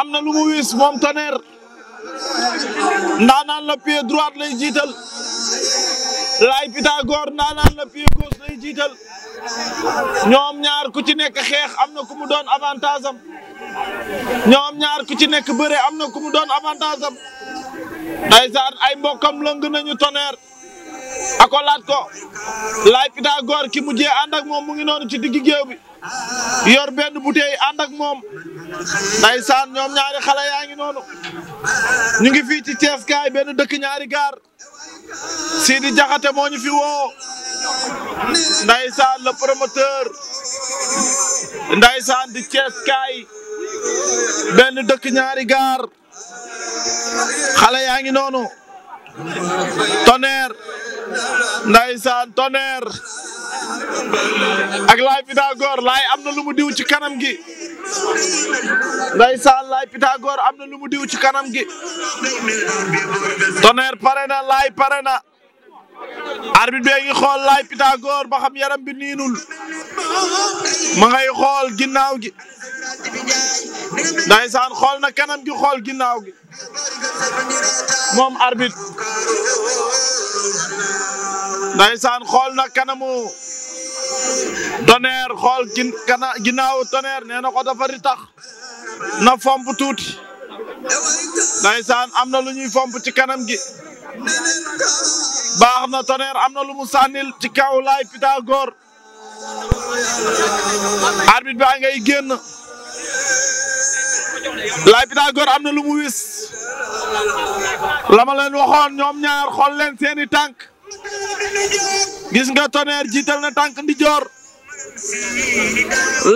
am na lu mu wis moom Tonnerre ndaanaan la pied droit lay jiital Laye Pythagore ndaanaan la pied gauche lay jiital ñoom ñaar ku ci nekk xeex am na ku mu doon avantage am ñoom ñaar ku ci nekk bëre am na ku mu doon avantage am ndeysaan ay mbokkam lëng nañu toneer akolaat ko laay Pythagore ki mujjee ànd ak moom mu ngi noonu ci diggi géew bi yor benn bouteille ànd ak moom saan ñoom ñaari xale yaa ngi noonu ñu ngi fii ci Thiès kaay benn dëkk ñaari gaar Sidi Jaxate moo fi woo ndaysaan le promoteur ndaysaan di Thiès kaay benn dëkk ñaari gaar xale yaa ngi noonu Tonnerre ndaysaan Tonnerre ak Laye Pythagore Laye am na lu mu diw ci kanam gi ndaysaan Laye Pythagore am na lu mu diw ci kanam gi Tonnerre pare na Laye pare na arbitre bi ngi xool Laye Pythagore ba xam yaram bi niinul ma ngay xool ginnaaw gi ndaysaan xool na kanam gi xool ginnaaw gi moom arbitre ndaysaan xool na kanamu Tonnerre xool ginnaaw Tonnerre nee na ko dafa ri tax na fomp tuuti ndaysaan am na lu ñuy fomp ci kanam gi baax na Tonnerre am na lu mu sànnil ci kaw laay Pythagore arbitre baa ngay génn Laye Pythagore am na lu mu wis la leen waxoon ñoom ñaar xool leen seeni tànk gis nga Tonnerre jiital na tànk ndijoor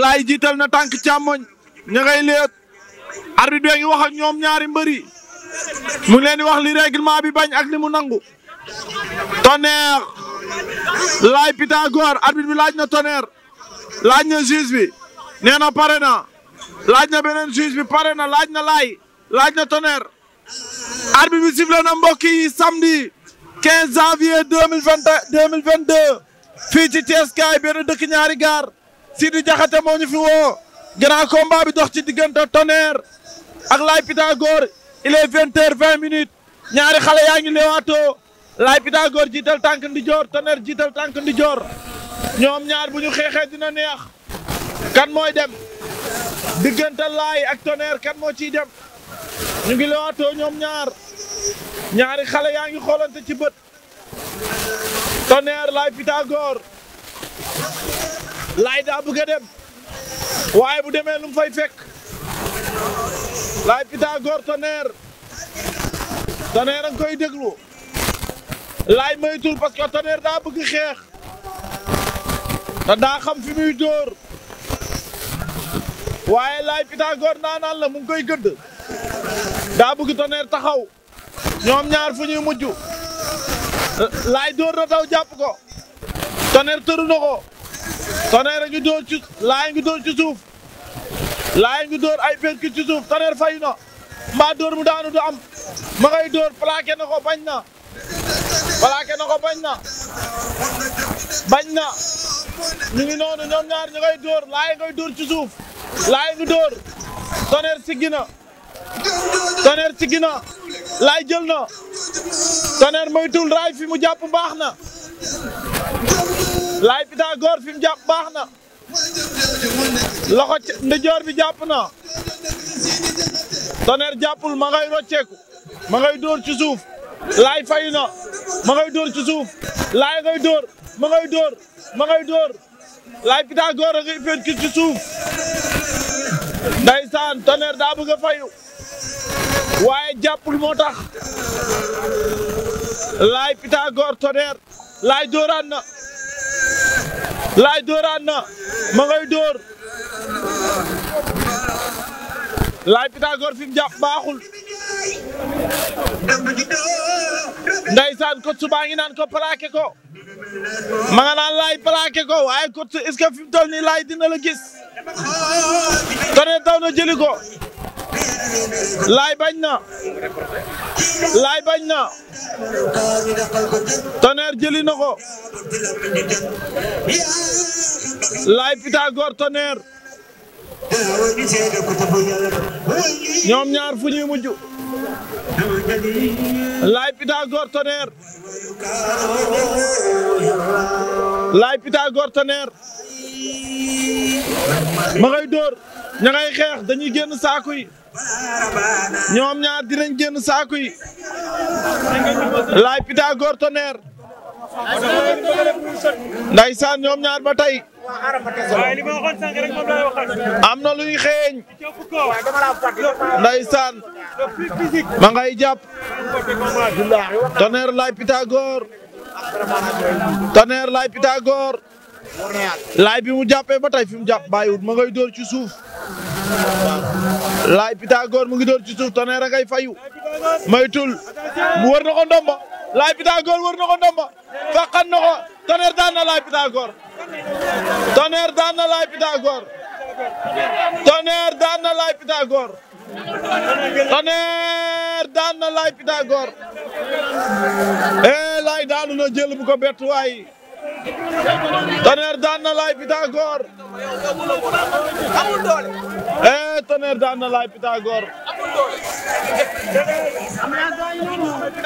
lay jiital na tànk càmmoñ ña ngay leet arbitre baa ngi wax ak ñoom ñaari mbëri mu ngi leen wax li règlement bi bañ ak li mu nangu Tonnerre laay Pythagore arbitre bi laaj na Tonnerre laaj na juge bi nee na pare na laaj na beneen juge bi pare na laaj na laay laaj na Tonnerre arbitre bi sifflé na mbokk yi samedi 15 janvier 2022 fii ci Thiès kaay benn dëkk ñaari gaar Sidi Diakhaté moo ñu fi woo grand combat dox ci diggante Tonnerre ak Laye Pythagore il est vingt heures ñaari xale yaa ngi leewaatoo Laye Pythagore jiital tànk ndijoor joor Tonnerre jiital tànk ndi ñoom ñaar bu ñu xeexee dina neex kan mooy dem diggante Laye ak Tonnerre kan moo ciy dem ñu ngi lewaatoo ñoom ñaar ñaari xale yaa ngi xoolante ci bët Tonnerre Laye Pythagore Laye daa bëgg a dem waaye bu demee lu mu fay fekk Laye Pythagore Tonnerre Tonnerre a ngi koy déglu laay maytul parce que Tonnerre daa bëgg xeex te daa xam fi muy dóor waaye laay Pythagore naanaan la mu ngi koy gëdd daa bëgg Tonnerre taxaw ñoom ñaar fu ñuy mujj laay dóor na daw jàpp ko Tonnerre tëru na ko Tonnerre a ngi dóor ci laay ngi ngi dóor ay percute ci suuf fayu na mbaa dóor mu daanu du am ma ngay dóor plaqué na ko bañ na plaqué na ko bañ na bañ na ñu ngi noonu ñoom ñaar ñu koy dóor laay ngay dóor ci suuf laay ngi dóor Tonnerre siggi na Tonnerre siggi na laay jël na Tonnerre moytul raay fi mu jàpp baax na laay Pythagore fi mu jàpp baax na loxo ndijoor bi jàpp na Tonnerre jàppul ma ngay rocceeku ma ngay dóor ci suuf laay fay na ma ngay dóor ci suuf laay ngay dóor ma ngay dóor ma ngay dóor laay Pythagore ngay féet ki ci suuf ndeysaan Tonnerre daa bëgg a fayu waaye jàppul moo tax laay Pythagore Tonnerre laay dóoraan na laay dóoraan na ma ngay dóor laay Pythagore fi mu jàpp baaxul naan ko subaa ngi naan ko plaqué ko ma nga laay plaqué ko waaye ko nii laay dina la gis Tonnerre daw na jëli ko laay bañ na laay bañ na Tonnerre jëli na ko laay Pythagore Tonnerre ñoom ñaar fu ñuy mujj Laye Pythagore Tonnerre Laye Pythagore Tonnerre ma xeex dañuy génn saaku yi ñoom dinañ génn saaku yi Laye Pythagore Tonnerre ndaysaan ñoom ñaar ba tey am na luy xeeñ. ndeysaan. ma ngay jàpp. Tonnerre Laye Pythagore. Tonnerre Laye Pythagore. Laye bi mu jàppee ba tey fi mu jàpp bàyyiwut ma ngay dóor ci suuf. Laye Pythagore mu ngi dóor ci suuf Tonnerre a ngay fayu. na ko ndomba. Laye Pythagore wër na ko ndomba. faqan na ko Tonnerre daan na Laye Pythagore. Tonnerre daan na Laye Pythagore Tonnerre daan na Laye Pythagore Tonnerre daan na Laye Pythagore eh Laye daanu na jël bu ko daan na Laye Pythagore eh,